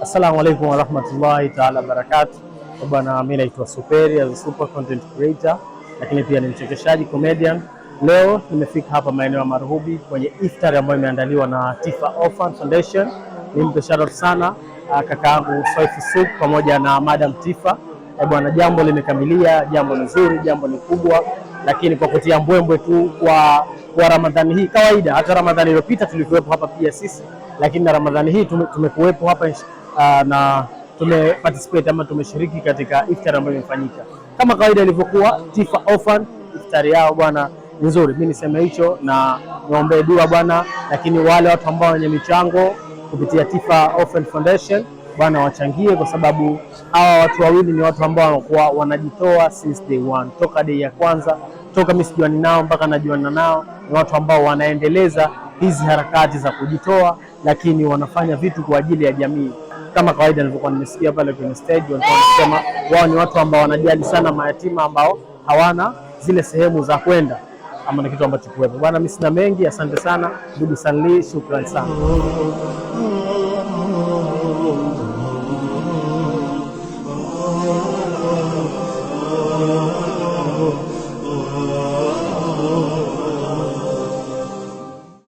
Assalamu alaikum warahmatullahi taala wabarakatu. Bwana, mimi naitwa Superi as a super content creator, lakini pia ni mchekeshaji comedian. Leo nimefika hapa maeneo ya Maruhubi kwenye iftar ambayo imeandaliwa na Tifa Orphan Foundation. Nimpe shout out sana ah, kakaangu Swaifu Soup pamoja na Madam Tifa. Eh, bwana, jambo limekamilia, jambo ni zuri, jambo ni kubwa, lakini kwa kutia mbwembwe tu kwa kwa Ramadhani hii. Kawaida hata Ramadhani iliyopita tulikuwepo hapa pia sisi, lakini na Ramadhani hii tumekuwepo hapa uh, na tume participate ama tumeshiriki katika iftari ambayo imefanyika kama kawaida ilivyokuwa Tifa Orphan. Iftari yao bwana nzuri, mimi niseme hicho na niombe dua bwana, lakini wale watu ambao wenye michango kupitia Tifa Orphan Foundation bwana wachangie, kwa sababu hawa watu wawili ni watu ambao wanakuwa wanajitoa since day one, toka day ya kwanza, toka mimi sijuani nao mpaka najuana nao, ni watu ambao wanaendeleza hizi harakati za kujitoa, lakini wanafanya vitu kwa ajili ya jamii kama kawaida nilivyokuwa nimesikia pale kwenye stage, walikuwa wanasema wao ni watu ambao wanajali sana mayatima ambao hawana zile sehemu za kwenda ama na kitu ambacho kuwepo. Bwana, mimi sina mengi, asante sana ndugu Sanli, shukrani sana.